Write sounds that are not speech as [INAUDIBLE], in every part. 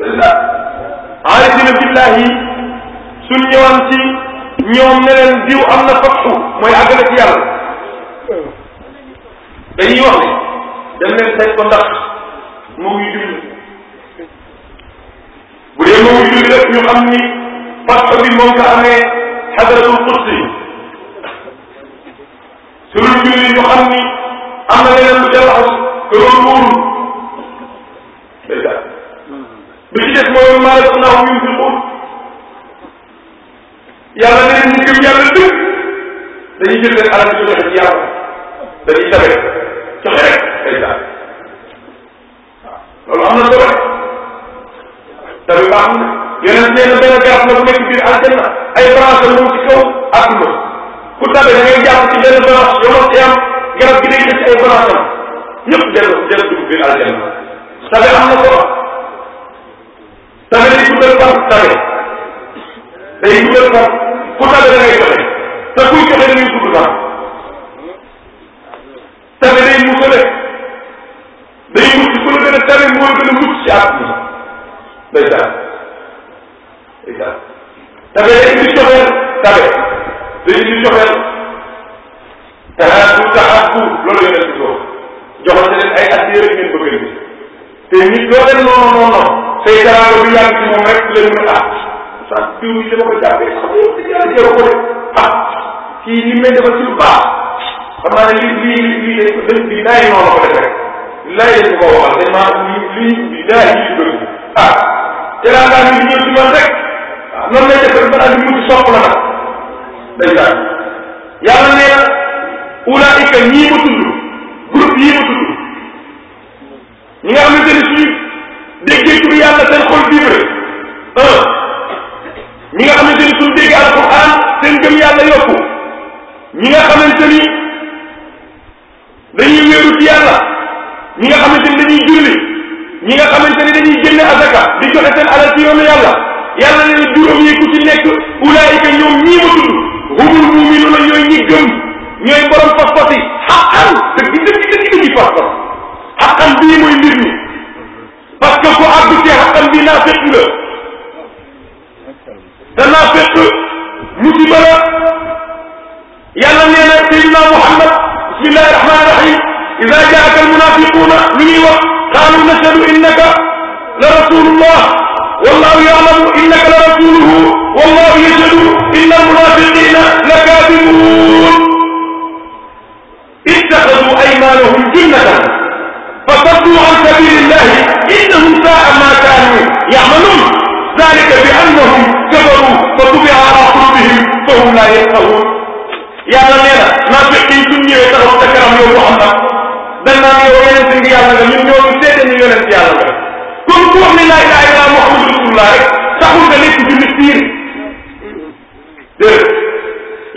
aarifina billahi suñ ñëwaan ci ñoom ne leen diw am na fatxu mooy àgg na ci yàlla dañuy wax ne dem leen teg ko ndax moo ngi julli bu dee moo ngi julli rek ñu ni fatxu bi moo nga amee xadaratul qudsi suñu julli ñu xam ni am na leneen lu ca laxas te loolu mooy maanaam naaw ñu ngi ko yàlla nee nañu gëm yàlla dëgg dañuy jël seen alal di joxe ci yàlla dañuy tabe joxe rek day daal waaw loolu am na solo tabe baax na yeneen nee na benn garab la bu nekk biir aljanna ay branche moom ci kaw ak ku tabe da ngay jàpp ci benn branche yow ci am garab gi day def ci ay branche am ñëpp jël jël dugg biir aljanna tabe na solo tabe day dugal far tabe day dugal far ku tabe da ngay joxe te kuy joxe da ngay dugg far tabe day musale day mucc ku la gën a tabe moo gën a mucc ci at bi ndeysaan ndeysaan tabe day indi joxeel tabe day indi joxeel taxaatu taxaatu loolu yonent bi joxante leen ay at yëre ngeen bëgg te nit doo leen noonu noonu noonu tey teraanga bi yàgg ci moom rek leen mën a saa diw yi dama ko jàppee xam nga yàlla jëru ko de ah kii ni may defal ci lu baax xam naa ne lii lii lii dañ ko dañ lii daay noonu la ko defee rek laay dañ ko waxal dañ maa lii lii daay lii bëri ah teraanga bi di ñëw ci man rek waaw noonu lay defal ba daal di mujj sopp la nag day daal yàlla nee na ulaika ñii ma tudd groupe yii ma tudd ñi nga xamante ni suñu déggee tur yàlla seen xol vibre un ñi nga xamante ni suñu déggee alquran seen yokku ñi nga xamante dañuy wéeru ci yàlla ñi nga dañuy julli ñi nga xamante ni dañuy génne azaka di joxe seen alal ci yoonu yàlla yàlla ne ne nekk ulaayika ñoom ñii ma humul muminuuna ñooy ñi gëm ñooy borom fas fas yi xaqan dëgg dëgg dëgg dëgg fas fas xaqan bii mooy mbir mi parce que ku àddu ci xaqam bi naa fekk la te naa fekk musiba la yàlla nee na sayidina Muhammad bismillahi rahmani rahim ida jaaka almunafiquna lu ñuy wax qaalu nashhadu innaka la rasulullah wallahu yaalamu innaka la rasuluhu wallahu yashhadu inna almunafiqina lakadibun ittaxadu aymanahum junnatan fa saddu an sabilillahi innahum saa ma kaanu yamaluun dalika bi annahum kafaru fa tubi'a ala qulubihim fa hum la yafqahuun yàlla nee na naafiq yi suñ ñëwee taxaw sa kanam yow Muhammad dañ naan yow yonent ngi yàlla nga ñun ñoo ñu seede ñu yonent yàlla nga kon ku wax ni laa ilaha illa Muhammadu rasulullah rek taxul nga nekk jullit biir déedéet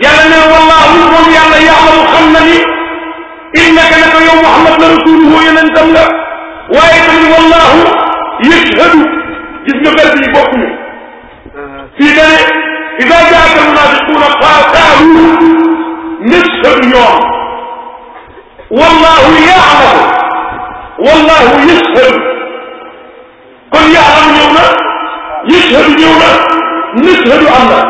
yàlla nee na wallaahu moom yàlla yàlla mu xam na ni innaka naka yow Muhammad la rasuluhu yonentam la waaye tamit wallahu yashhadu gis nga bés yi bokkuñu fii dane ida jaaka almunafiquuna qaataalu nashhadu ñoom wallahu yaalamu wallahu yashhadu kon yaalamu ñëw na yashhadu ñëw na nashhadu am na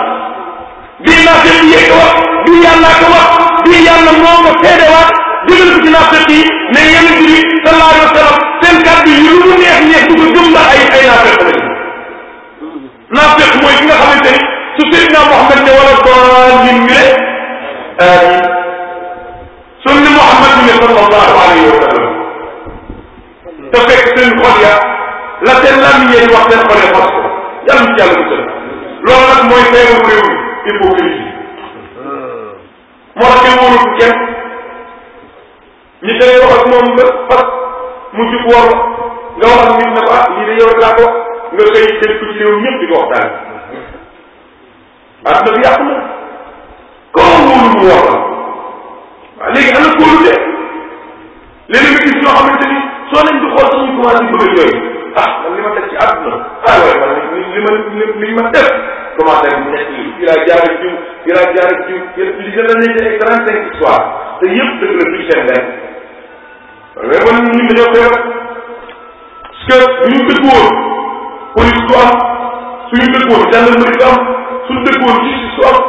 bii naa seet yee ko wax bii yàllaa ko wax bii yàlla moo ko seedewaat digal ko ci naafeq yi ne yonent bi sallallahu alayhi wa sallam seen kàddu yi lu mu neex neex du ko gëm ndax ay ay naafeq lañ naafeq mooy ki nga xamante ni su Seydina ne wala daalin ñu ne sunni Muhammad ñu ne sallallahu alayhi wa sallam te fekk seen xol ya la seen làmmiñ yi wax seen xol ya fas ko yàlla ñu jàll musal loolu nag mooy feebaru réew mi hypocrisie moo tax kenn wóolu kenn nit da ngay wax ak mu jub wor nga wax ak nit ah lii de yow rek laa ko wax nga koy jël ko ci réew ñëpp di ko na koo wóolu mu wax la waaw léegi ana kóolu de léegi nga gis ñoo xamante ni soo leen di xool sax ñu commencé bëgg a jooy ah man li ma def ci adduna ah waaye man li ma li ma def commencé mu nekk yi fii laa jaar ak jiw fii laa jaar ak jiw li gën a nekk ay trente cinq histoire te yëpp dëgg la du rebal ñun dañoo koy rek parce que bu ñu dëkkuwoon police du am suñu dëkkuwoon gendarmerie du am suñu dëkkuwoon justice du am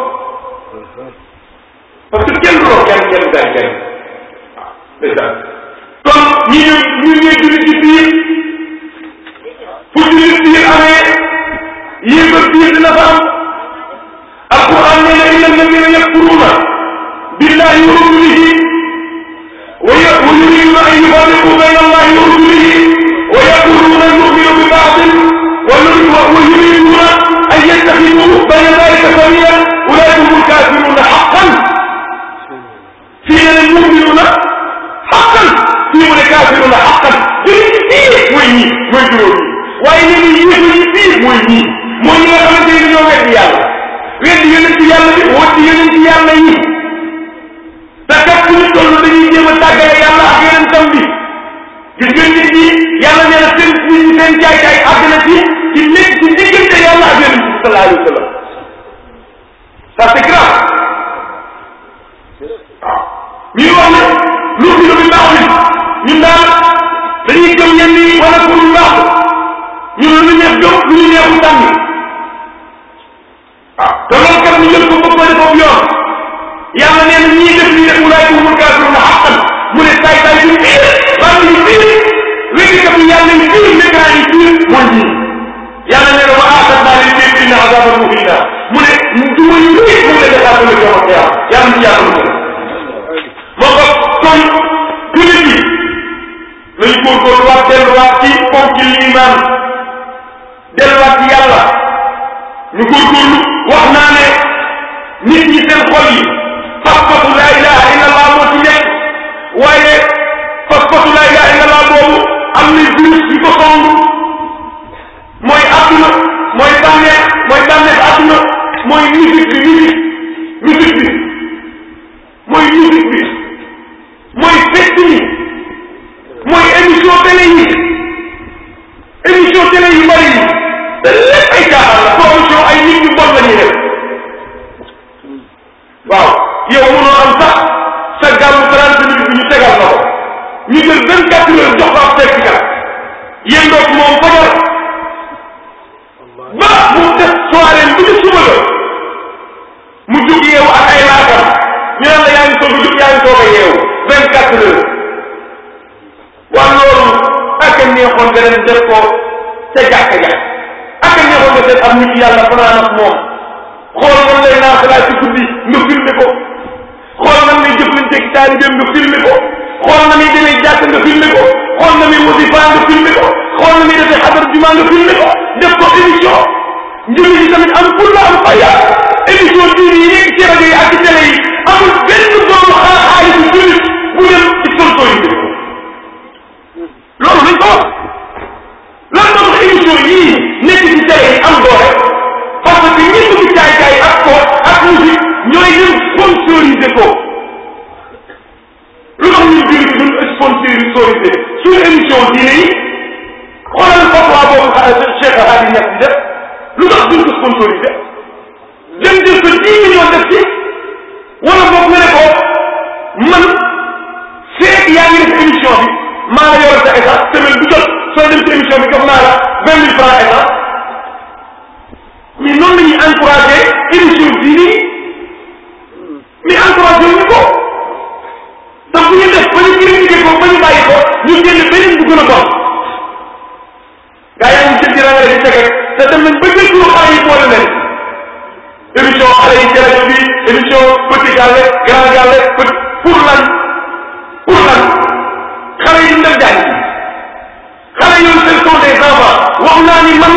parce que kenn lool kenn kenn gaay kenn waaw déjà kon ñi ñu ñi ñuy julli ci biir fu julli biir amee yéegal biir dina fa am alquran nee na inna alladina yakfuruna billahi wa rusulihi wa ويريدون أن يفرقوا بين الله ورسله ويقولون نؤمن ببعض ويريدون أن يتخذوا بين ذلك سبيلا أولئك هم الكافرون حقا فينا المؤمنون حقا فيهم الكافرون حقا mooy ñii mooy juróom yi waaye nee nañ yéefar yi fii mooy ñii mooy ñi nga xamante ne dañoo weddi yàlla weddi yonent yàlla bi woote yonent yàlla yi te kat bu ñu toll dañuy jéem a tàggale yàlla ak tam bi gis ngeen nit ñi yàlla nee na seen nit ñi seen jaay jaay ci ci nit ci diggante yàlla ak yeneen bi sallallahu alayhi wa sallam ça c'est grave waaw lu fi lu bi baaxul ñun daal dañuy gëm yenn yi wala pour ñu baaxul ñun lu ñu neex gëm lu ñu neexul tànn yàlla nee na ñii def lii rek wulaay ko wul mu ne saay saay suñ biir bànn yi biir wéggkat yi yàlla ne biir nekk naa yi biir mooy ñii yàlla nee na wa aatat naa leen biir inna azaban muhina mu ne du ma ñu mu ne defaa sama jox ak yàlla yàlla ñu yàlla mu moo ko kon jullit yi nañ góorgóorluwaat delluwaat ci kon ci liimaan delluwaat ci yàlla ñu wax naa ne nit ñi seen pas-pasu laa ilaha illa allah moo ci nekk waaye pas-pasu laa ilaha illa allah boobu am na virus yi ko song mooy adduna mooy bànneex mooy bànneex adduna mooy musique bi musique musique bi mooy musique bi mooy fête yi mooy émission télé yi émission télé yu bari yi te lépp ay caaxaan la production ay nit ñu bon la ñuy def waaw yow mënoo am sa gàmmu trente minutes bi ñu tegal na ko ñu jël vingt quatre heures mu def soirée bi la mu jug la yaa ngi soog a jug yaa ngi soog a yeewu vingt quatre heures waa loolu ak a neexoon nga leen def ko ca jàkka ja ak a neexoon nga seet am naa xalaat ci guddi nga ko xool na muy jëflanteeg taalibeem nga filmé ko xool na muy demee jàkk nga filmé ko xool na muy wasifa nga filmé ko xool na muy defee xadar juma nga filmé ko def ko émission njëriñ yi tamit am pour la am faya émission diine yi nekk ci rajo yi ak ci télé yi amul benn doomu xaaxaay bu jullit bu dem ci sponsor yi loolu lañ ko nekk ci télé yi am doole parce ak ko ak musique ñooy dem sponsorisé ko lu tax ñuy biir bi duñ sponsorisé émission diine yi xoolal fatwa boobu euh, Cheikh Hadi Niass lu tax duñ ko sponsorisé dem jël ko dix millions wala boog ne ko man feek yaa ngi émission bi maa la sa état semaine bu jot soo dem ci émission bi jox naa la vingt mille francs état mais noonu la émission diine yi mais encouragé wuñu bu ñu def ba ñu critiqué ko ba ñu bàyyi ko ñu génn beneen bu a yi moom jël di rangale di tege te dem nañ ba jëkkulu xale yi yi jërëjëf bi émission petit galle grand galle pour lan pour lan xale yi ñu def jaay xale yoon seen sont des enfants wax naa ni man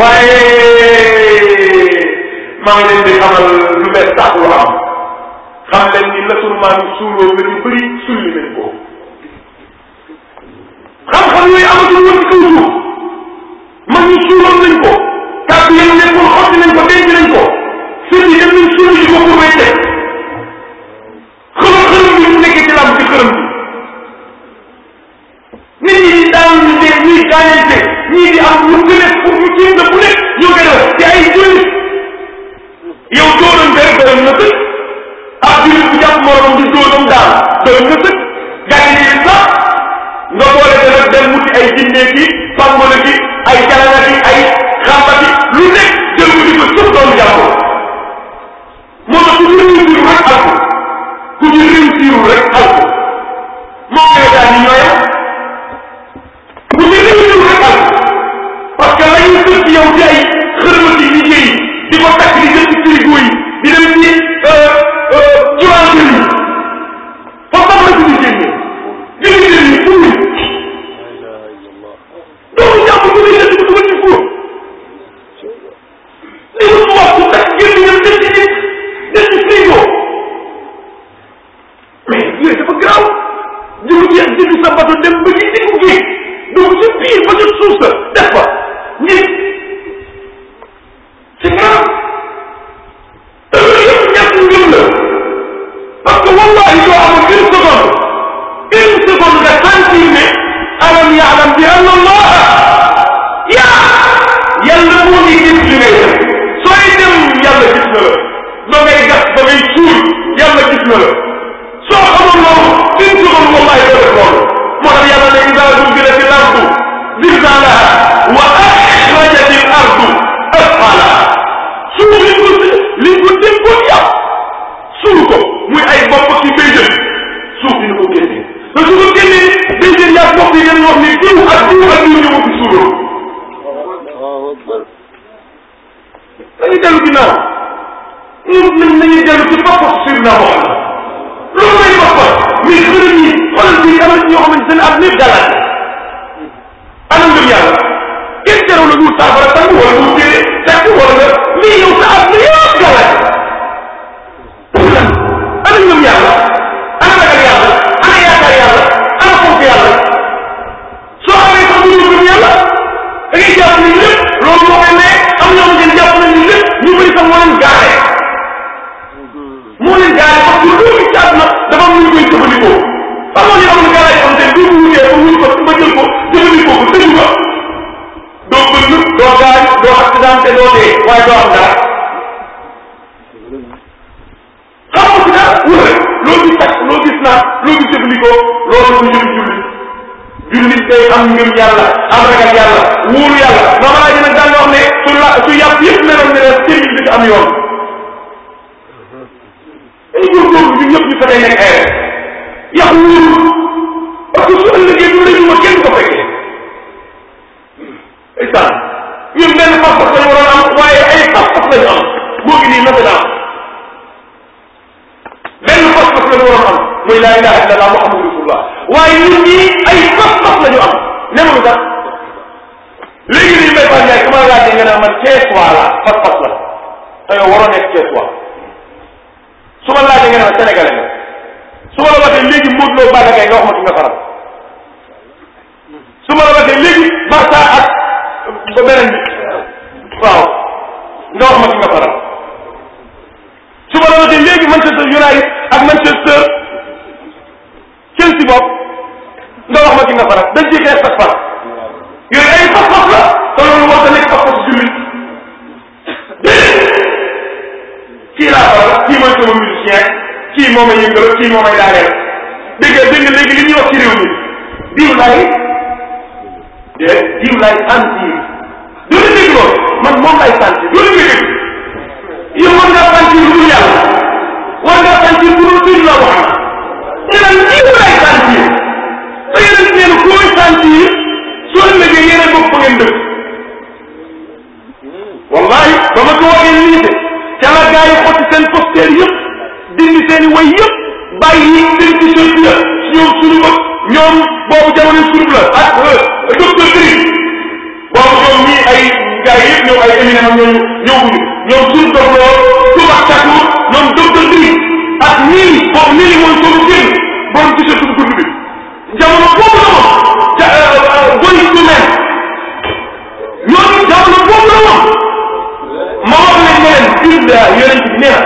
waaye maa ngi leen di xamal lu bees sax lu am xam leen ni la sunu maam suuloo mbir mu bëri sulli leen ko xam-xam yooyu amatul woon ci kaw suuf mag ñu suuloon nañ ko kàddu yéen leen ko xotti nañ ko denc nañ ko sëñ yi dem nañ suul yi ko may teg xëlëm xëlëm bi mu nekkee ci lam ci xëlëm bi nit ñi daan ñu dee ñuy gaañante ñii di am lu gën a pour nekk ñoo gën a wax ay jullit yow dóoram benn doyam na ab jullit bu jàpp morom di dóoram daal doyam na sëkk gàtt sax nga boole ko nag dem wuti ay jinne ki pangolo ki ay calana ki ay xambati lu nekk jël ko di ko sëf doomu jàppoo moo tax ku ñu réussir rek alko ku ñu réussir rek alko moo koy daal di ñooyam jaay xërëma ci di ko di jël ci frigo yi di dem ci ciwanteer euh, euh, yi fa tam la suñu génnee jëli jël yi pour ñu doomu jàpp bu lay def ko ci fuur li mu wax bu takk génn ngeen def ci nit def ci frigo mais yooyu dafa garaaw jëlu jeex jëli sa bato dem ba am ragal yàlla wóoru yàlla babalaa ji nag daan wax ne su la su yàpp yëpp meloon ne la sëriñ am yoon ay góorgóorlu ñu ñëpp ñu fexe nekk ko fekkee ay saan ñun benn pas-pas lañu waroon am waaye ay pas-pas lañu am moo ngi nii nasa daam benn pas-pas lañu waroon am muy laa ilaha illa allah muhammadu rasulullah waaye ñun ay pas-pas lañu am ne ma lu léegi nii mbay Ba Ndiaye comment laajte nga ne man Cees waa laa pas-pas la te yow waroo nekk Cees waa su ma laajte nga ne ma sénégalais nga su ma la waxee léegi Modou Lo Balla Gaye nga wax ma ci nga faral su ma la waxee léegi Barça ak ba beneen bi waaw nga wax ma ci nga faral su ma la waxee léegi Manchester United ak Manchester Chelsea bopp nga wax ma ci nga faral dañ ciy xeex sax faral. yooyu ay pas-pas la te loolu moo tax nekk pas-pas jullit déedéet kii laa faral kii mooy sama musicien kii moo may yëngal kii moo may daaneel dégg nga dégg nga léegi li ñuy wax ci réew mi diw laay de diw laay sentir doo leen dégg loolu man moom laay sentir doo leen dégg yow war ngaa sentir lu dul yàlla war ngaa sentir lu dul diw la wax nga naan diw laay sentir te yeneen nee na kooy sentir ne yéen a bokk ngeen dëkk wallahi ba ma toogee liise ca la gaa yi xotti yëpp dindi seen i way yëpp bàyyi yi seen ci seen la ñoom sunu ba ñoom boobu jamono sunu la ak euh, docteur Gris boobu ñoom ñii ay gaa yëpp ñoom ay éminent am ñooñu ñëwuñu ñoom sunu dox lool tubaab tàkkuwut ñoom docteur Gris ak nii boobu nii mooy sunu génn borom ci sa sunu guddi bi jamono boobu la moom rasulillah yonent bi nee na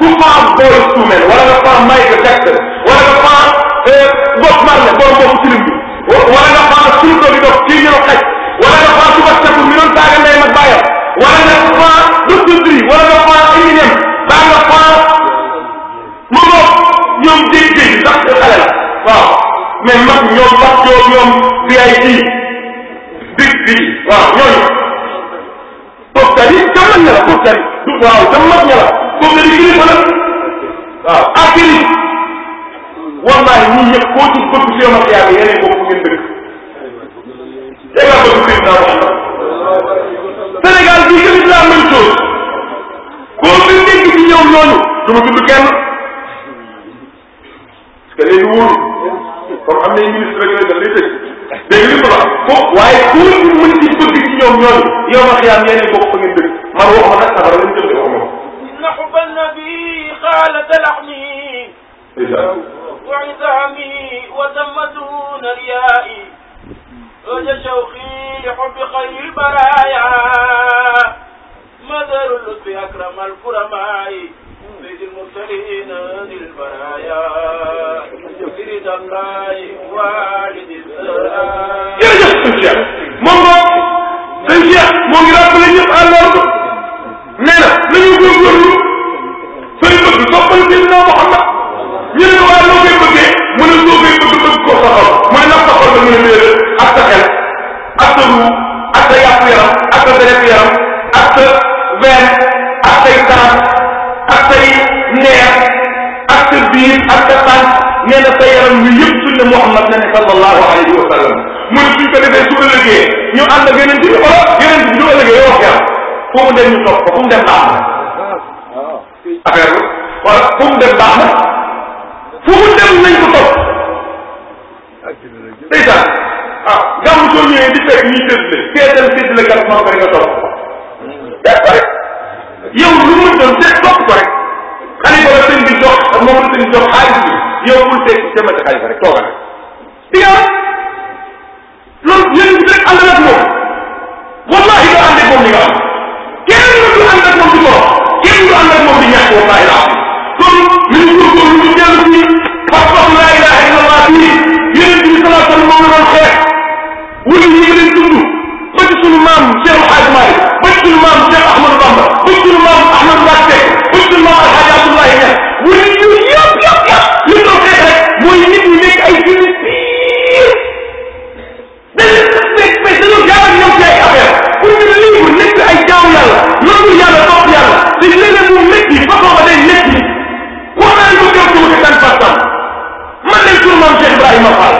ku faam booru suumel wala nga faam Michael Jackson wala nga faam euh, Bob Marley borom boobu film bi wala nga faam surdo bi dox kii ñu xaj wala nga faam suba seku mi doon taaga ndey mag bàyyam wala nga faam Dr Dre wala nga faam Eminem baa nga faam mu ngoog ñoom jéeg-jéeg sax xale la waaw mais mag ñoom mag ñoom ñoom VIP big bi waaw ñooñu Bob Tali jamono la Bob Tali waaw ca mag ña la kooku di kilifa la waaw akkili wallahi ñi ñëpp koo ci bëgg si yomal yaa ngi yeneen boobu ngeen dëkk te nga bëgg président wax Sénégal bii tamit la même chose koo fi dégg ci ñëw ñooñu du ma tudd kenn parce que léegi wóorul comme am nañ ministre rek la lay tëj dégg nga li ko waaye ku mën ci bëgg ci ñoom ñooñu yow ma xiyaam yeneen bokk fa ngeen dëkk man waxuma nag قال تلحمي وعزامي وتم دون ريائي وجا شوقي لحب خير البرايا مدر اللطف أكرم الكرماء سيد المرسلين للبرايا سيد الله والد السلام moom moom day jeex moo ngi rappelé ñëpp à l'ordre nee na nañu góorgóorlu bëgg Seydina Muhammad ñu ne waaye loo koy bëggee mu ne loo koy bëgg bëgg ko sa xol mooy nag sa xol la mu ne léere ak sa xel ak sa ruu ak sa yàpp yaram ak sa deret yaram ak sa veen ak say taat ak say neer ak sa biir ak sa tànk nee na sa yaram ñu yëpp sunne Muhammad na ne sallallahu alayhi wa sallam mu ne suñ ko defee su ëllëgee ñu ànd ak yeneen bi wala yeneen bi ñu ëllëgee yoo wax yàlla fu mu dem ñu topp ko fu mu dem naa affaire bi wala fu mu dem baax na fu mu dem nañ ko topp day sax ah gàmm soo ñëwee di fekk ñuy tëddee kee dem tëddee gàmm maa ko nga topp def ko rek yow lu mu doon seet topp ko rek xale ba la sëñ o jox moom la sëñ jox xaalis bi yow bul teg jëmale xaalis rek toogal rek di nga loolu yéen bi rek ànd ak moom wallahi doo ànd ak moom li nga am kenn du ànd ak moom di ko kenn du ànd ak moom di ñàkk wallahi la am xam ne moom la doon xeex ñu ngi ñu ngi leen dund ba ci sunu maam Cheikh El Hadj Malick ba ci sunu maam Cheikh Ahmadou Bamba ba ci sunu maam Ahmadou Mbacke ba ci sunu maam El Hadj Abdoulaye Niass mu ne yooyu yëpp yëpp yëpp li ñu doon xeex rek mooy nit ñi nekk ay jullit pire dañ leen nekk mais dañoo jaar ak ñoom ci ay affaire pour ñu libre nekk ay jaamu yàlla loolu yàlla topp yàlla te leneen mu métti ba booba day métti war naa ñu ko gëm ci wuute seen pas-pas man day sunu maam Cheikh Ibrahima Fall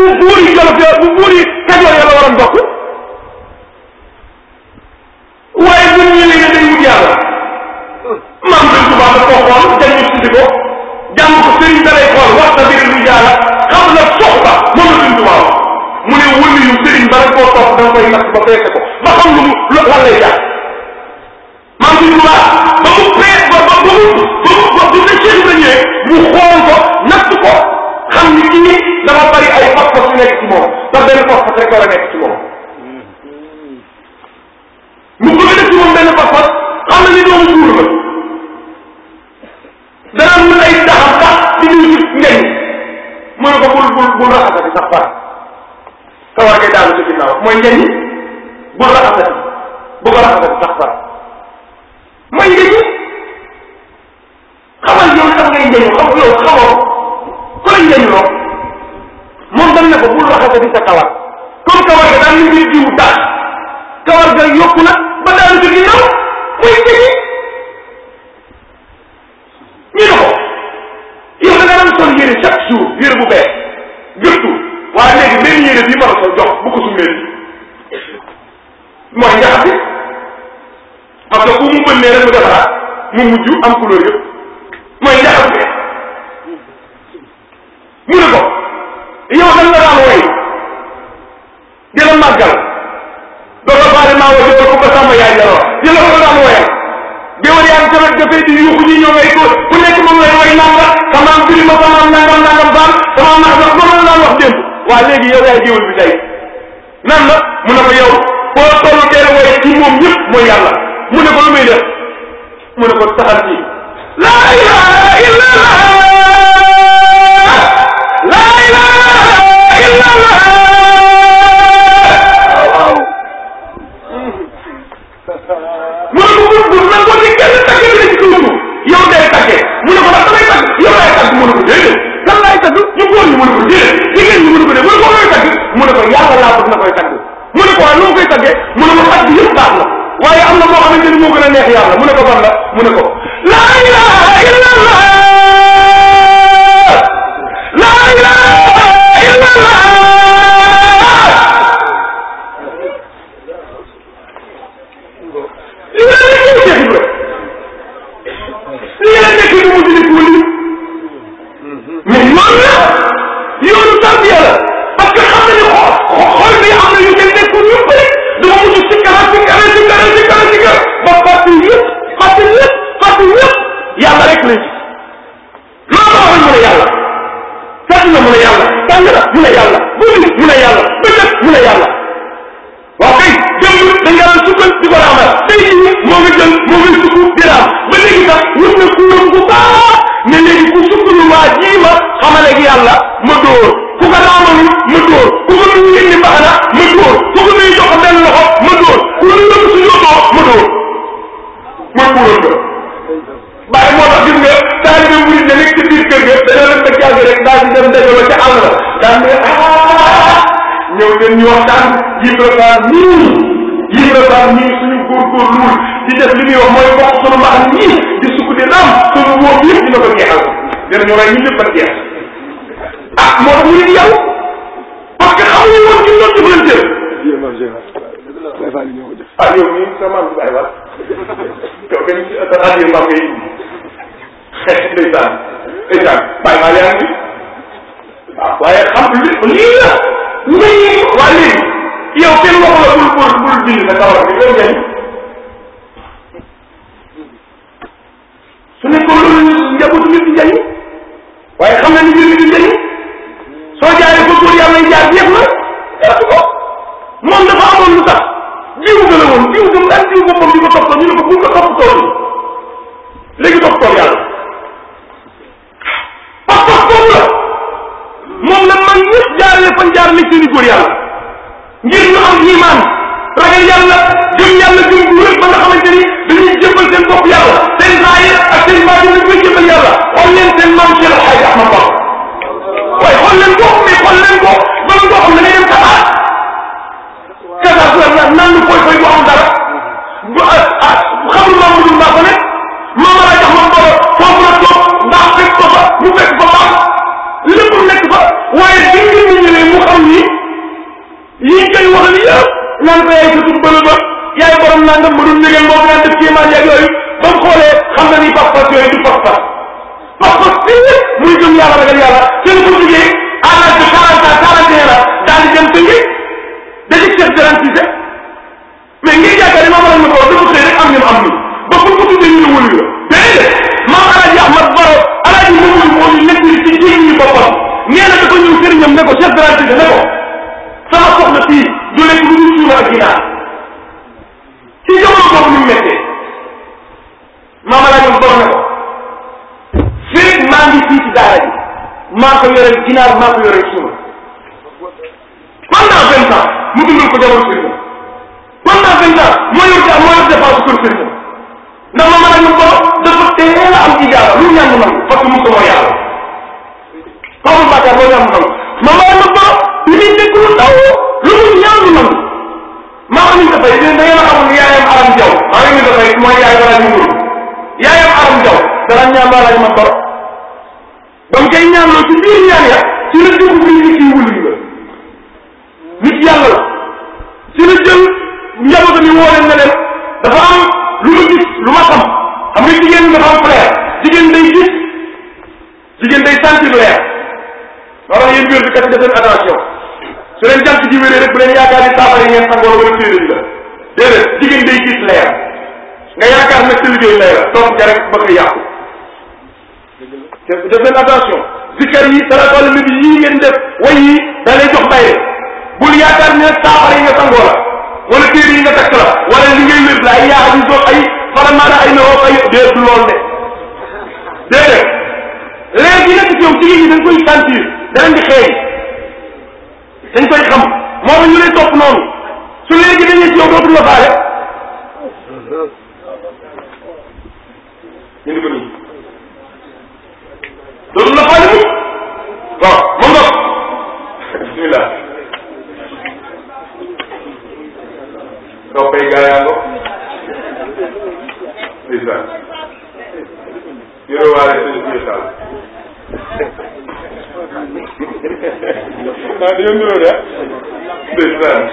bu buuri jolof ya bu buuri kajoor ya la waroon bokk waaye bu ñëwee dañ wut yàlla maam bi subaa da koo xool dañu sindi ko jàng ko sëriñ da lay xool waxta bi lu yàlla xam na soxba moom la suñ subaa mu ne wëlli yu sëriñ ba rek koo topp da nga koy natt ba feese ko ba xam lu mu lo lan lay jaar maam bi subaa ba mu pees ba ba ba mu ba mu dafa war a nekk ci moom mu bëgg a def ci moom benn pas-pas xam na ni doomu buur la danaa mën ay taxam tax di ñuy gis ngeen mu ne ko bul bul bul raxasati sax far sa war ngay daanu ci mooy ngeen ñi bul raxasati bu ko raxasati sax far mooy ngeen ñi xamal yow sax ngay ngeen xam yow xamoo ku la ngeen ne ko bul raxasati sa kawar comme kawar ga daal ñu ngi jiw daal kawar ga yokku na ba daanaka li raw muy jëli ñu ne ko yow da nga daan sol yére chaque jour yére bu bees gëstu waaye léegi benn yére bi war a sol jox bu ko summee mooy njaxati parce que bu mu bënnee rek mu defaraat mu mujj am couleur yëpp mooy njaxati mu ne ko waa léegi yow yaay jiwul bi tey nan mu ne ko yow boo toll teel a woy ci moom ñëpp mooy yàlla mu ne ko lu muy def mu ne ko saxal ci laa ilaha illa allah toog leen ñu waxtaan Ibra Faal nii Ibra Faal nii suñu góorgóorluwul di def li muy wax mooy wax sunu mbaax nii di sukk di naam sunu wóor yëpp dina ko jeexal ko dina ñu rey ñu lépp ak jeex ah moo tax ñu ne yow parce que xamuñu woon ci ñoom jëflante ah yow mii sa maam Baye Wal yow kenn ci sa rajo maam ngay indi xeex ndeysaan ndeysaan Baye ah, Wal li la mbir yi waa léegi yow kenn waxu la bul bul bul bii sa kawar bi loolu njëriñ su nekkoon loolu njabootu nit di njëriñ waaye xam na ni mbir mi di njëriñ soo jaaree ko pour yàlla yi jaar jeex na gerte ko moom dafa amoon lu tax jiwu gën a woon jiwu gën daan jiwu boppam di ko toppatoo ñu ne ko bul ko toppatoo bi léegi toppatoo yàlla parce que foofu la moom la mag ñëpp jaarale fan jaarale seeni góor yàlla ngir ñu am iman ragal yàlla gëm yàlla gëm bu yàlla seen zaahir ak seen baatin dañ koy jëmbal yàlla xool leen seen maam Cheikh El Hadj Ahmad Ba waaye xool leen ko mais xool leen ko bala nga xam da ngay dem Qatar Qatar la naan naan lu koy koy bu am dara bu ah, ah Ba foofu la toog ndax fekk mu fekk ko lii koy wax li yëpp naan ko yaay sutub bëlu yaay borom nangam ba dul njëgeen boobu naan def kéemaan yaag yooyu ba mu xoolee xam na ni yooyu du pas-pas pas-pas si muy gëm yàlla ragal yàlla seen ko jugee à l'âge de quarante ans quarante et un ans daal di dem tëngi dañu chef garantisé mais ngay yaakaar ni maam alal ko dafa xëy rek am ñu am ñu ba pour ko tuddee ñu ne wëlu la déedéet maam alaaji ahmad baro alaaji mëmul moom nekk ni ci jigéen ñi boppam nee na dafa ko chef garantisé ne sa soxna fii du lekk lu dul suuna ak ginaar ci jamono boobu ni mu méttee maama laa ñoom borom ne ko fii maa ngi fii ci daara ji maa ko yoreel ginaar maa ko yoreel suuna pendant vingt ans mu dundal ko jamono sëriñ pendant vingt ans moo yor ca moo yor dépense kër sëriñ ndax maama laa ñoom borom dafa teel a am ijaaba lu mu nangu parce que mu ko moo yàlla xawma bàkkaar loo ñaan mu nangu maama laa ñoom borom li muy dégg lu ndaw lu mu ñaan lu nangu maa ngi dafay da ngeen a xamul ni yaayam aram jaw maa ngi dafay mooy yaay balaa ñu wóor yaayam aram jaw dara ñaan balaa ñu ma bor ba mu koy ñaan loolu ci biir ñaan ya ci la dugg bi nit yi wul la nit yàlla la ci la jël njabootam yi woo ne leen dafa lu ma gis lu ma xam xam nga jigéen dafa am flair jigéen day gis jigéen day sentir leer. war na yéen wér bi kat def leen su leen jant ji wéree rek bu leen yaakaar ni saafara yi ngeen sangoo wala séeréer la déedéet jigéen day gis leer nga yaakaar nag sa liggéey leer toog ja rek bëgg a yàqu te def leen attention zikar yi salaatal nabi yii ngeen def way yi da lay jox bayre bul yaakaar ne saafara yi nga sangoo la wala yi nga takk wala li ngay wér la ay yaa ñu doog ay faramaana ay na ay déet lool de déedéet léegi nag yow jigéen ñi dañ koy sentir danañ di dañ koy xam moom ñu lay topp noonu su léegi dañuy ci yow dootul la baale ñu di ko nii dootul la baale mu waaw ma ngoog bismillah toppay gaa yaa ngoog ndeysaan yore waale suñu suñu saal waaw dañoo niroo de ah. ndeysaan.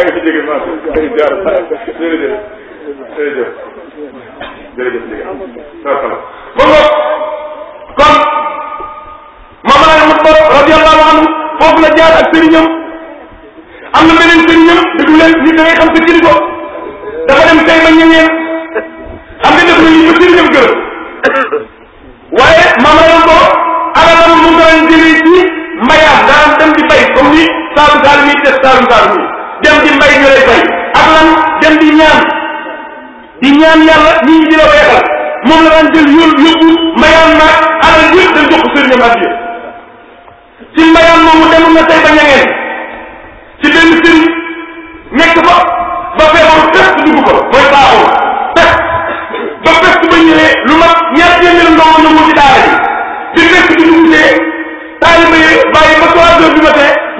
ak fi jege maa ngi jaar jërëjëf jërëjëf jërëjëf jërëjëf. kon Maam Alaaji Mustafaa radiyallaahu anhu foofu la jaar ak sëriñam am na beneen sëriñam déglu leen nit da ngay xam sa kilifa dafa dem tey ba ñëwee xam nga def na li ñu sëriñam gërëm waaye Maam Alaaji Mustafaa alalam mu ngi doon jëlee ci. mbayaam daan dem di bay comme ni saalu saalu mi def saalu saalu mi dem di mbay ñu lay bay ak lan dem di ñaan di ñaan yàlla ñi ñi di la weexal moom la daan jël yóbbu yóbbu mbayaam naag alal yëpp dañ jox ko sëriñam addiya ci mbayaam moomu dem na tey ba ñangeen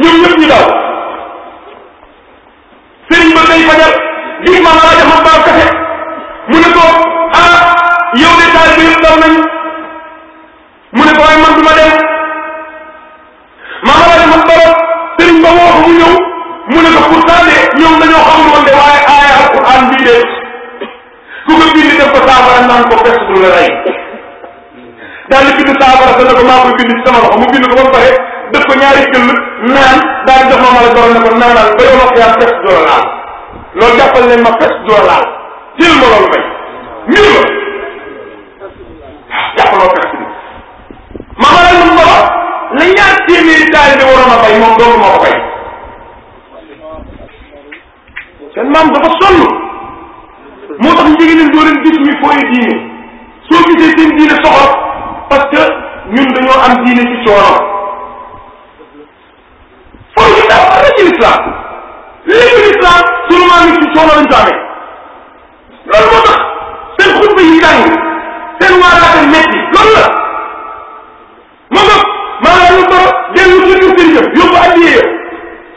ñoom ñëpp ñu daw sëriñ ba day fajar dig ma ma laaj ma baaw kase mu ne ko ah yow de taal bi yëpp daw nañu mu ne ko waaye man du ma dem ma ma laaj ma baaw sëriñ ba woo ko mu ñëw mu ne ko pourtant de ñoom dañoo xamul woon de waaye aaya alquran bii de ku ko bind def ko saafara naan ko bés du la rey daal di bind saafara sa ne ko maa koy bind ci sama loxo mu bind ko ba mu pare def ko ñaari këll naan daal jox ma mala borom ne ko naanal ba yow ma xiyaam fes la laal loolu jàppal ma fes du la laal jël ma loolu may mbir la jàppaloo fes bi ma waral lu ko la ñaar téeméeri taali bi waroon a fay moom doomu ma ko fay seen maam dafa sonn moo tax njigéen doo leen gis ñu fooy diine soo gisee seen diine soxor parce que ñun dañoo am diine ci coono l'islam léegi l'islam sunu maam yi si coono lañ ko amee loolu moo tax seen xutba yi tàng seen waaraate métti loolu la ma nga maanaam lu ko dellu ci biir sëriñam yóbbu addiyee yow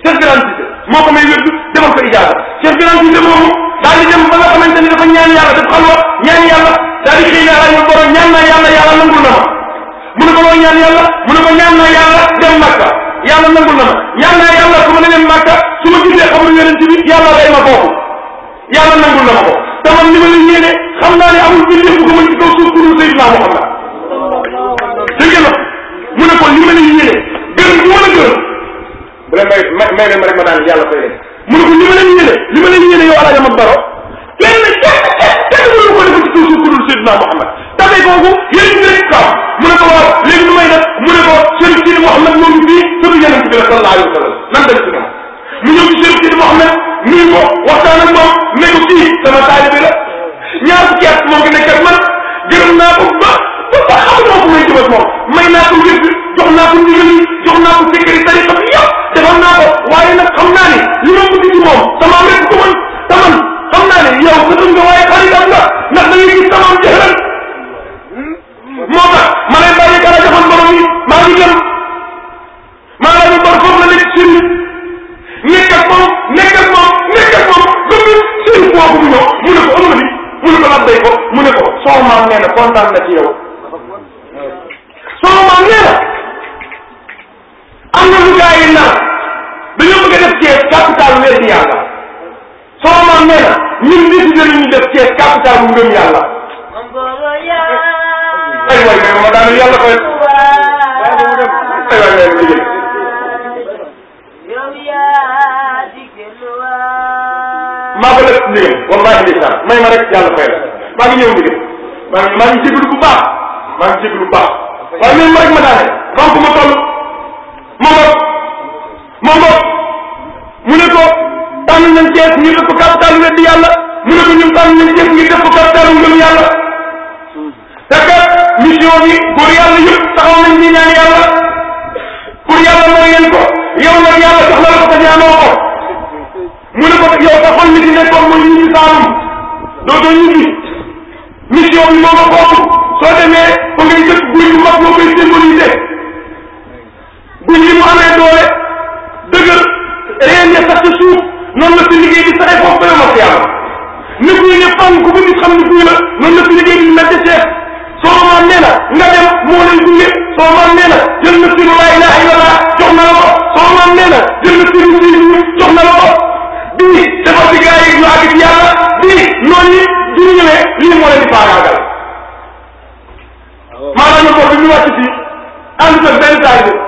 chef garantie moo ko may wér demal ko ijaasa chef garantie moomu daal di dem ba nga xamante ni dafa ñaan yàlla def xalwa ñaan yàlla daal di xëy yàlla ñu borom ñaan naa yàlla yàlla nangul na ma mu ne ko loo ñaan yàlla mu ne ko ñaan naa yàlla dem Makka yàlla nangul na ma ñaan yàlla su ne leen màkka su ma gisee xamul yonent nangul na ma ko li ma leen yéene xam naa ne amul bindee bu ko mën ci kaw suuf pour Seydina Muhammad dégg nga mu ko li ma leen yéene gërëm bu ma la gërëm bu leen may may leen ma rek ma daan yàlla fay leen mu ne ko li ma leen yéene li ma leen yéene yow El Hadj Baro léegi nag kenn kenn kenn mënu ko def ci kaw suuf pour Seydina Muhammad tabe googu yëriñ bi rek kaw ko waaw léegi nu may moom fii sëtu yeneen bi la sallallahu alayhi wa sallam nan lañ ci dem mu ñëw ci Cheikh Sidi waaye nag xam naa li ma bëgg ci moom sama am rek ko man xam naa ne yow sëtu waaye xaritam nga ndax da ngay gis moo tax ma lay bàyyi kala joxoon borom yi maa ngi dem maa ngi bor foofu la nekk sëriñ nekk ak moom nekk ak moom nekk ak moom ba mu sëriñ boobu mu ñëw mu ne ko amul bi mu ne ko lan day ko mu ne ko soo maam nee na kontaan na ci yow soo maam nee na am na lu gaa yi naan dañoo bëgg a def Thiès capital wér di yàlla soo maam nee na ñun décider ñu def Thiès capital bu ngëm yàlla ma ma daanu yàlla fayal waaye mu dem ay waay waay mu jigéen maa ko def ndigal wallahi ndeysaan may ma rek yàlla fayal maa ngi ñëw ndigal maa ngi maa ngi jéglu bu baax maa ngi jéglu bu baax waaye même ma rek ma daane rank ma toll ma mbokk ma mbokk mu ne ko tànn nañ Cees ñu def ko capital weddi yàlla mu ne ko ñun tànn nañ Cees ñu def ko capital ngëm yàlla mission bi góor yàlla yëpp taxaw nañ ñu ñaan yàlla pour mooy leen ko yow nag yàlla jox la ko te ñaanoo mu ne ko yow sa xol mi di nekkoon mooy ñu ñu mission bi moo soo demee ba ngay dëkk guy bu mag moo koy symboliser guy yi mu amee doole dëgër reen ya sax ci suuf noonu la si liggéey di saxee foofu ba yomal yàlla ne guy ne fànn ko ba nit xam ne guy la noonu la si liggéey di mette seet soo nee na nga dem moo lay gunge nee na jël na turu laa ilaha illallah jox na la ko soo nee na jël na turu bii jox na la ko bii dafa ci gaa yi ñu àgg ci yàlla bii noonu ñi lii moo di faagaagal ah, maanaam ñu ko bi ñu wàcc fii ànd ak benn taalibe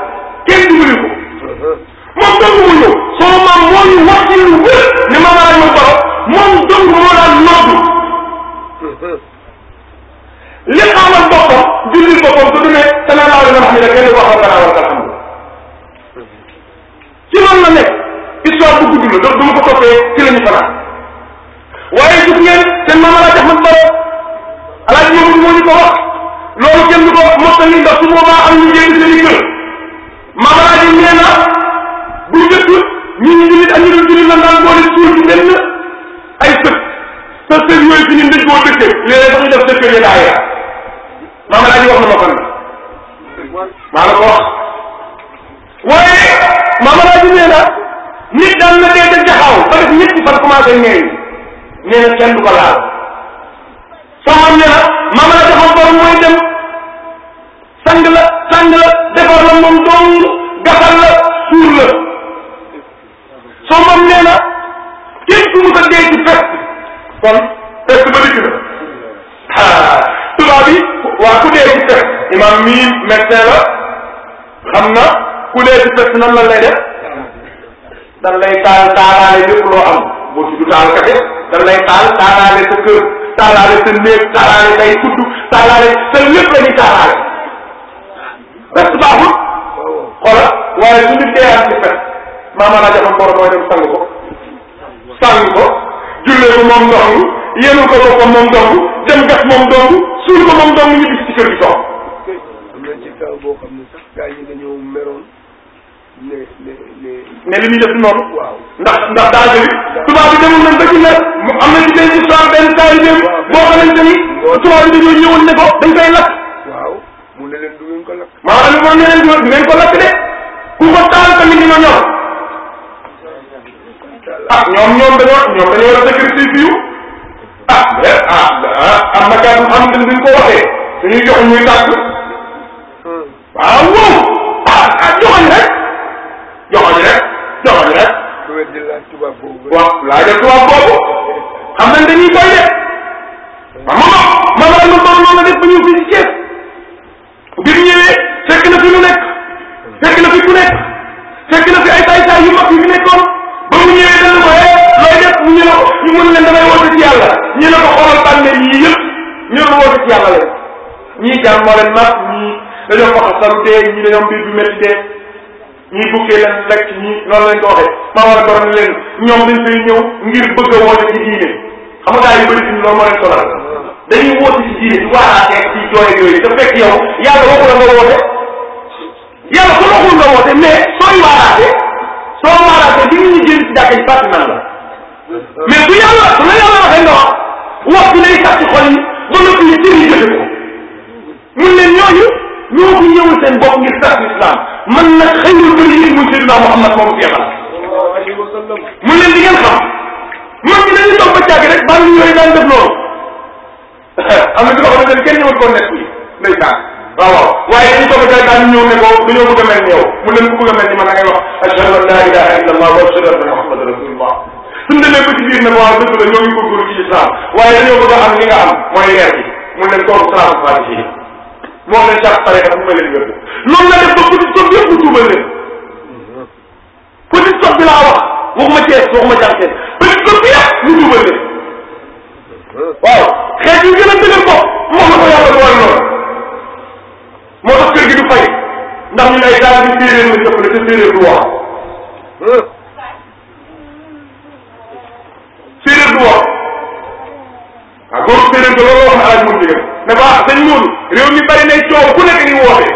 la nekk histoire bu gudd la donc du ma ko toppee ci la ñu fanaan waaye gis ngeen seen maam alaaj Ahmad Baro alaaj moomu moo ñu ko wax loolu kenn du ko mottali ndax su boobaa am ñu njëriñ seen i kër maam alaaj yi nee na bu njëkk ñu ñu jullit ak ñu dul jullit lan daan boole suul ci benn ay sët sa sët yooyu fi ñun dañ koo dëkkee léeg-léeg sax ñu def dëkkee ñu daayira maam alaaj yi wax na ma fan maa la ko wax maama rajo nee na nit daan na dee da jaxaw ba def ñetti fan commencé neew nee kenn du ko laal soo xam ne na maama la jaxaw borom mooy dem sang la sang la defar la moom dong gasal la suur la soo moom nee na ku mus dee ci fekk kon fekk ba dëgg la ah tubaab waa ku dee ci fekk imam mii médecin la xam na kulee di fekk nan lan lay def dan lay taal taalaale lépp loo am boo ci du taal kate dan lay taal taalaale sa kër taalaale sa néeg taalaale say kudd taalaale sa lépp la ñuy taalaale rest baaxul xoola waaye su nit dee am ci fekk maama naa jaxam borom mooy dem ko sang ko jullee ko moom ndong yenu ko boppam moom dong dem gas moom dong suul ko moom dong ñu bis ci kër gi toog mais li muy def noonu ndax ndax daa jëli tubaab bi demoon nañ ba ci mer mu am na ci benn histoire benn taalibeem boo xamante ni tubaab bi dañoo ñëwoon ne ko dañ koy lakk mu ne leen du ngeen ko lakk maanaam li moom ne leen du ngeen ko lakk de ku ko taal tamit dina ñor ah ñoom ñoom dañoo ñoom dañoo war a sécurité fiyu ah ah ah am na kat am na duñ ko waxee dañuy jox ñuy tàkk waaw hmm. ah, wow ah ah joxoñ rek joxoñ rek joxoon rek. waaw laajal tubaab boobu. xam nañ dañuy koy def. waaw moom moom la ñu doon noonu def ba ñu fii ci Thiès. bi mu ñëwee fekk na fi lu nekk. fekk na fi ku nekk. fekk na fi ay saytaay yu mag yu fi nekkoon. ba mu ñëwee dana ko rek eh, looy def ñu ne ko ñu mën leen damay woote ci yàlla ñu ne ko xoolal bànneel yii yëpp ñu ne ko woote ci yàlla leen. ñii jàmm moo leen mag ñii dañoo ko xasaru dee ñii dañoo mbir bi métti dee. ñi bukkee lan lekk ñi noonu lañ ko waxee maa war a borom leen ñoom dañ fay ñëw ngir bëgg a woote ci diine xam nga gaa yu bëri suñu loolu moo leen sonal dañuy woote ci diine di waaraatee ci jooy yooyu te fekk yow yàlla waxu la nga woote yàlla su waxul nga woote mais sooy waaraatee soo waaraatee li ñu jël ci dàkk yi fàtt nan la mais bu yàlla su la yàlla waxee nga wax wax bi lay sax ci xol yi ba noppi ñu jëriñ jëfe ko mun leen ñooñu ñoo fi ñëwal seen bopp ngir tas islam man nag xëyul ba liggéey muy Seydina Muhammad moomu fi mu leen di ngeen xam man mi dañuy toog ba càgg rek bànn yooyu daan def loolu [LAUGHS] am na ci loo xamante ne kenn ñëwal ko nekk bi ndeysaan waaw waaw waaye dañu ko bëgg daan ñëw ne ko dañoo bëgg a mel ni yow mu leen ku bëgg a mel ni man da ngay wax ashhadu an la ilaha illa allah wa ashhadu anna muhammad rasulullah suñu demee ba ci biir nag waaw dëgg la ñoo ngi góorgóorlu ci islam waaye dañoo bëgg a am li nga am mooy leer bi mu leen toog salaatu fatihi moo leen sax pare xam ma leen wér loolu la def ba petit sob yëpp mu tuubal leen petit sob bi laa wax waxuma Thiès waxuma Thiès petit sob bi yëpp mu tuubal leen waaw xeet yu gën a dëgër bopp moom la ko yàlla boole noonu moo tax kër gi du fay ndax ñu lay daal di séeréer la jëpp la te séeréer du wax séeréer du wax waaw boobu séeréer ba loolu wax na alaaj moom jigéen ne ko ah dañ loolu réew mi bari nay coow ku nekk ngi woote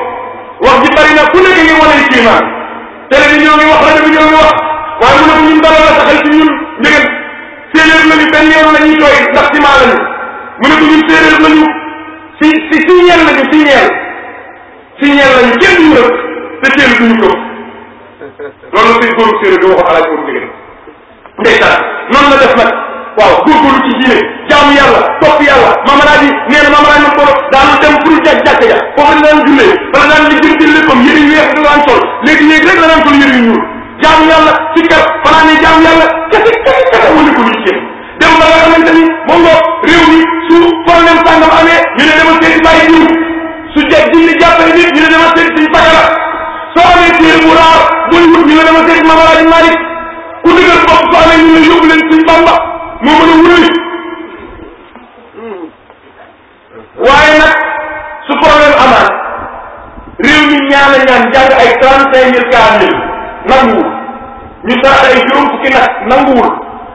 wax ji bari na ku nekk ngi wane kii naan télé bi ñoo ngi wax rajo bi ñoo ngi wax waaye mu ne ko ñun dara la saxal ci ñun njëgën séeréer lañu benn yoon lañuy tooy ndax ci maa lañu mu ne ko ñun séeréer lañu si si si ñeel lañu si ñeel si ñeel lañu kenn duñu rëkk te séeréer duñu ko loolu la seen góoru séeréer bi wax alaaj moom jigéen ndeysaan noonu la def nag waaw góorgóorlu ci diine jaamu yàlla topp yàlla mamalaaji nee na mamalaaji ma koro daanu dem pour ca jàkka ja foofu la daan jullee wala daan li jëm ci léppam yu weex da daan sol léegi léegi rek la daan sol yëri yu ñuul jaamu yàlla ci kar jaamu yàlla kese kese kese wala ko nit dem ba nga xamante ni moom nga réew su problème sàngam amee ñu ne demal seeti bàyyi diw su jeg jinni jàppale nit ñu ne demal seeti suñu bagala ku dëgër bopp soo amee moo mën a wóor waaye nag su problème amaat réew mi ñaan a ñaan jàng ay trente cinq mille kaamil nanguwul ñu sax ay juróom fukki nag nanguwul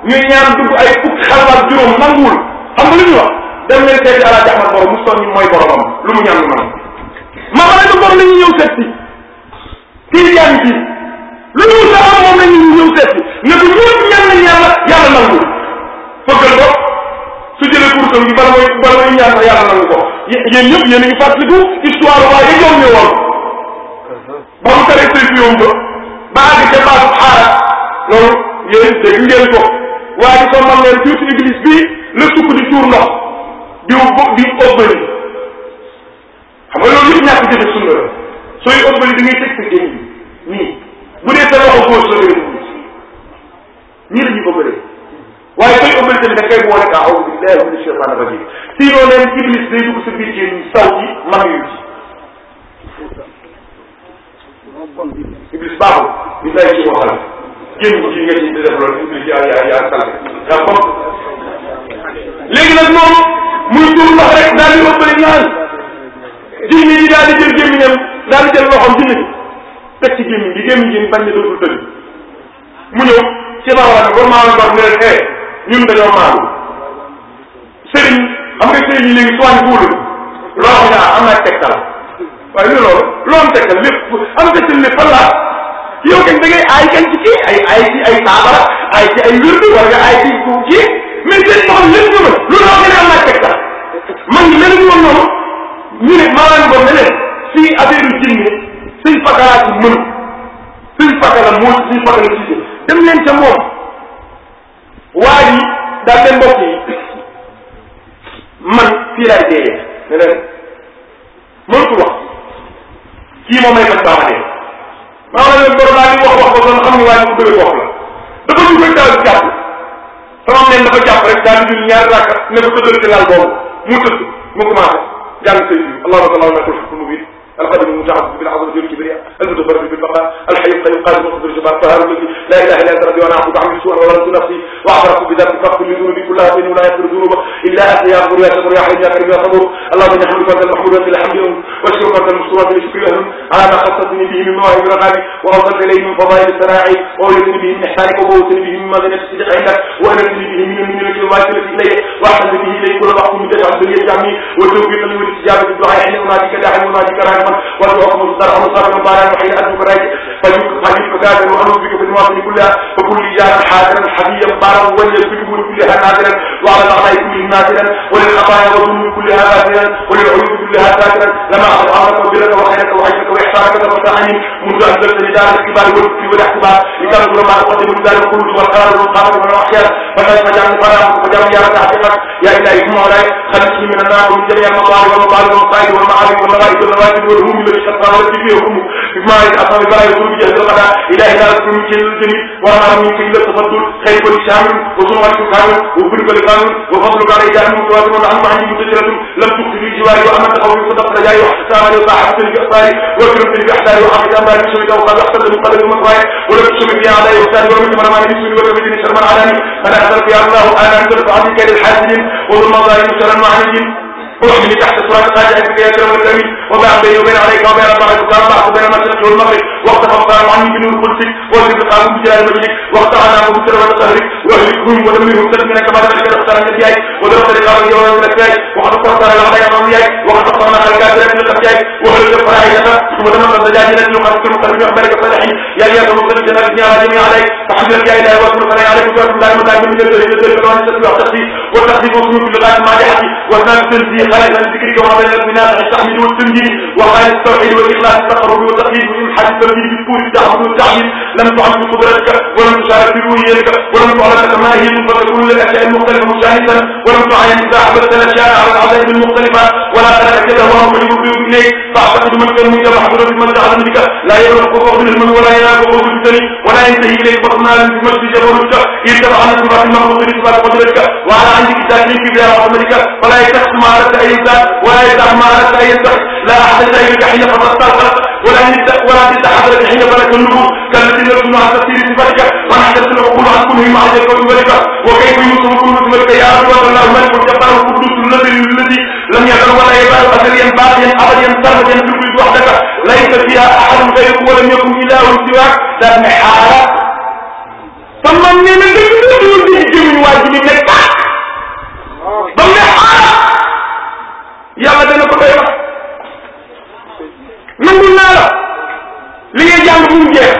ñu ñaan dugg ay fukki xalwaat juróom nanguwul xam nga ñu wax dem leen seeti alaaji Ahmad borom mu soog ñu mooy boromam lu mu ñaan lu nangu ma xam ne borom la ñu ñëw seet kii jaan ji lu ñu sax moom la ñu ñëw seet si ne ko ñëpp ñaan nañ yàlla yàlla nanguwul fëggal ko su jëlee kurusam gi bala mooy bala mooy ñaan sax yàlla nangu ko yéen ñëpp yéen a ngi fàttaliku histoire waaye yow ñu woon ba mu taree say fi yomb ba àgg ca baatu xaara loolu yéen dégg ngeen ko waaye ko man leen tuuti église bi la sukk di tuur ndox di di ëbbali xam nga loolu yëpp ñàkk jëfe sunna la sooy ëbbali da ngay teg sa génn bi nii bu dee sa loxo góor soo dee nii la ñu ëbbalee waaye koy ëmbal tamit da koy boole ka aw billahi min cheytan rajim sinon leen iblis day dugg sa biir ci saw ci mag yu ci iblis baaxul ñu day ci waxal génn ko ci nga ci di def loolu iblis yaa yaa yaa sal yaa ko léegi nag moom muy tuur ndox rek daal di ëmbali naan jinne ji daal di jël gémmiñam daal di jël loxoom jinne ji teg ci gémmiñ gi gémmiñ gi bañ ne dootul tëdd mu ñëw ci baax la ne ba maa ngi wax ne leen ñun dañoo maandu sëriñ am nga sëriñ yi léegi soiñ buulu loo xam naa am naa tegtal waaye ni loolu loolu tegtal lépp am nga sëriñ ne fan laa yow kañ da ngay aay kañ ci kii ay ay ci ay saabara ay ci ay wird wala nga aay ci suuf kii mais sëriñ boo xam lépp nga mën lu loo xam ne am naa tegtal man ngi mel ni woon noonu ñu ne maanaam boobu ne leen fii affaire yu jinne suñ fakkalaa ci mënu suñ fakkala moo suñ fakkala ci dem leen ca moom waa ji daal leen mbokk yi man fii laay deeyee ne leen mënut wax kii moom may man baax a dee maa ngi leen borom laa di wax wax ko doon xam ne waa ji mu bëri wax la dafa jug rek daal di jàpp sama neen dafa jàpp rek daal di jul ñaari rakka ne ko tëddal ci laal boobu mu tëdd mu commencé jàng sëy bi allahumma sallallahu alayhi wa sallam القديم المتعظم بالعظمة والكبرياء المتفرد بالبقاء الحي القيوم قادم القدر الجبار الطاهر الذي لا اله الا انت ربي وانا اعبد عن سوءا وظلمت نفسي واعترفت بذنبي فاغفر لي ذنوبي كلها فانه لا يغفر ذنوب الا انت يا غفور يا شكور يا حي يا كريم يا صبور اللهم اني احمدك وانت المحمود وانت الحمد على ما خصصني به من مواهب رغبي واوصلت اليه من فضائل السراعي واولدني به من احسانك وبوسني به من مدنه الصدق عندك والدني به من المنه الواصله اليك واحسن به الي كل وقت من تجعل الدنيا جعمي وتوفيق لي والاستجابه الدعاء ان اناديك داعيا مناديك راحما وادعوك مصدر ومصدر مبارك وحين ادعوك راجع فيك فكان المؤمن بك في المواطن كلها وكل جار حاكما حبيا بارا ولي الكتب كلها نازلا وعلى الاعضاء كلهم نازلا وللخطايا والذنوب كلها نازلا وللعيوب كلها ساكنا لما اخذ امرك وبرك وخيرك وعيشك واحسانك ومستعين منذ انزلت لدار الكبار والكفر والاحتبار لتنظر ما اقدم من ذلك كله والقرار والقامه والاحياء والناس مجال الفراغ ومجال زياره حقيقتك يا الهي مولاي خلقني من النار ومن جميع المطالب والمطالب والمصائب والمعارف والمغارب والنوادي والهموم والشقاوات والذكر والهموم بما أصحاب البلاء يقول بجهل الغداء إلى إدارة من جهل الجميع وأمر من كل التفضل خير شام وسمعة كامل وبرك لقام وفضل قال إذا أنه متواضع عن معين متجرة لم تكتب في جواري وأمن تقوي صدق رجائي وحسامني وصاحبتني بأخطاري وكرمتني بأحساري وأحمد أمري بشمك وقد أحسن من قدر مقرأي ولم تشمك في أعدائي وأحساري ومن مرماني بسمي وكرمتني شرما علاني فنحذر يا الله أنا أنزل عليك للحاسدين وظلم ظالم شرا وعنيد ومن تحت سؤال الحاجة أنك يا أكرم الأكرمين وما بيني وبين عليك وبين ربك الأربع وبين المشرق والمغرب واقتفى القرآن عني بنور قدسك والذي قام بجلال مجدك واقتعنا بمسرة قهرك واهلكهم ودمرهم سلمنا كما ذلك الأخطار من أسيائك وضربت لقام اليوم من أسيائك وقد أخطرت على العضايا من أسيائك وقد أخطرنا على الكافرات من أسيائك وهل يبقى عينها ودمرت الزجاجين التي يقصر مقربين أخبارك يا رب ربنا جنبنا على جميع عليك وحمد لله لا يوكل فلا يعرف ولا لا من لا من يدري يدري ولا يستطيع يعتصي والتقديم مكتوب في لغايه ما جحدي والنام تنزي خير من ذكرك وعمل الابناء التحميد والتمجيد وغايه التوحيد والاخلاص التقرب والتقديم حتى في كل تعبد تعبيد لم تعد قدرتك ولم تشارك برؤيتك ولم تعلمك ما هي فتكون الاشياء المختلفه مشاهدا ولم تعين اذا عبدت الاشياء على العجائب المختلفه ولا تتاكد وهم يجب اليك فاعتقد من كان منك محظورا بمن تعلم بك لا يبلغ قرب من ولا ينال قرب الثاني ولا ينتهي اليك بطنا بمجد جبروتك ان تبع عن اتباع المخلوق لاتباع قدرتك وعلى عندك التاكيد بها وعملك ولا يتخصم على اي ذات ولا يدعم على اي لا احد يدعي لك حين فقد ولا ولا عند حضرة حين بلغ النبوة كالذي يرسم عن تفسير ذلك وانا حدثنا وقول عن كل ما عجل قوم ذلك وكيف يوصف كل ذلك يا رب الله الملك الجبار القدوس النبي الذي لم يزل ولا يزال ازليا باقيا ابدا سرمدا في الوجود وحدك ليس فيها احد غيرك ولم يكن اله سواك لكن حاله ثم من الذي من واجب منك ضمن حاله يا مدن كتيبه من قلنا له li ngay jàng bu mu jeex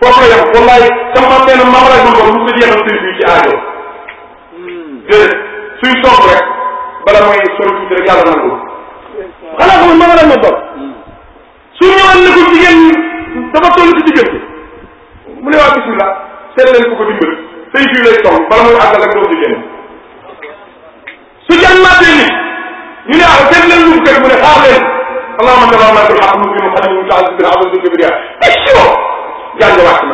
foofu la yem wallaay sama benn maam lay dund mu ngi yéexal sëriñ bi ci aajo déedéet suy soog rek bala muy sori tuuti rek yàlla nangu xanaa xam nga maam lay dund su ñëwaan ne ko jigéen dafa toll ci diggante mu ne waa bismillah seet leen ko ko dimbali say fii lay toll bala muy àggal ak doo jigéen su jàmmaatee ni ñu ne ah seet leen lu mu mu ne xaar leen اللهم صل على محمد الحق ممكن وقدم المتعلق بالعبد الكبرياء بشروا جانب واحد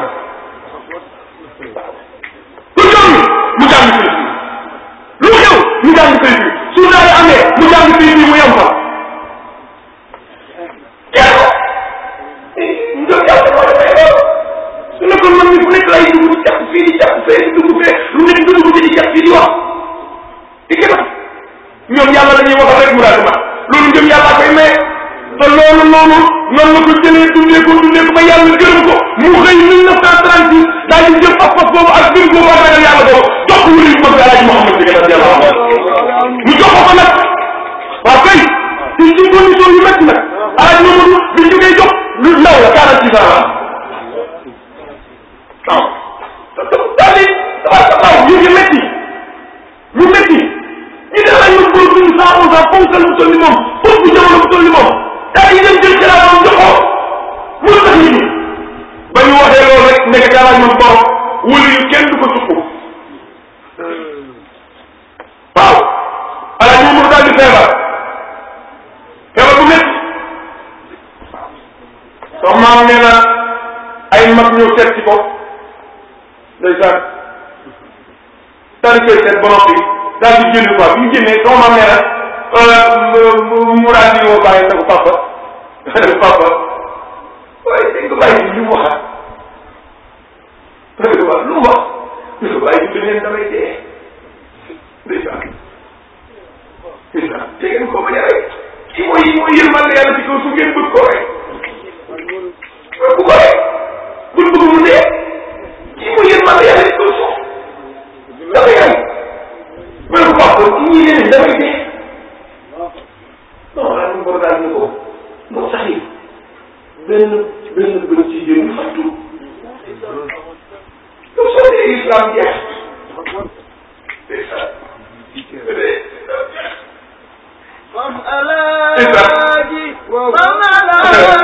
lu xew ñu jàng sëriñ ñu ñëw seet ci ko ndeysaan daal di koy seet ba noppi daal di génn quoi bi ñu génnee doomam nee na euh, mu daal di woo bàyyi ne ko papa ne [LAUGHS] ko papa waaye dañ ko bàyyi li mu waxaat waaw lu mu wax ñu ko bàyyi bi leen damay dee ndeysaan ndeysaan te ngeen ko bañ a rek ci mooy mooy yërmal yàlla ci kaw su ngeen bëgg ko rek bu ko rek buñ bëgg mu dee kii mooy yéen man yàlla di ko suuf dafa yàgg mën ko wax ko ñii leen dafay dee non xanaa ñu ko daal ñu ko ndox sax yi benn benn benn ci yéen ñu fàttu comme soo dee islam jeex فاسأل آجي وملائكته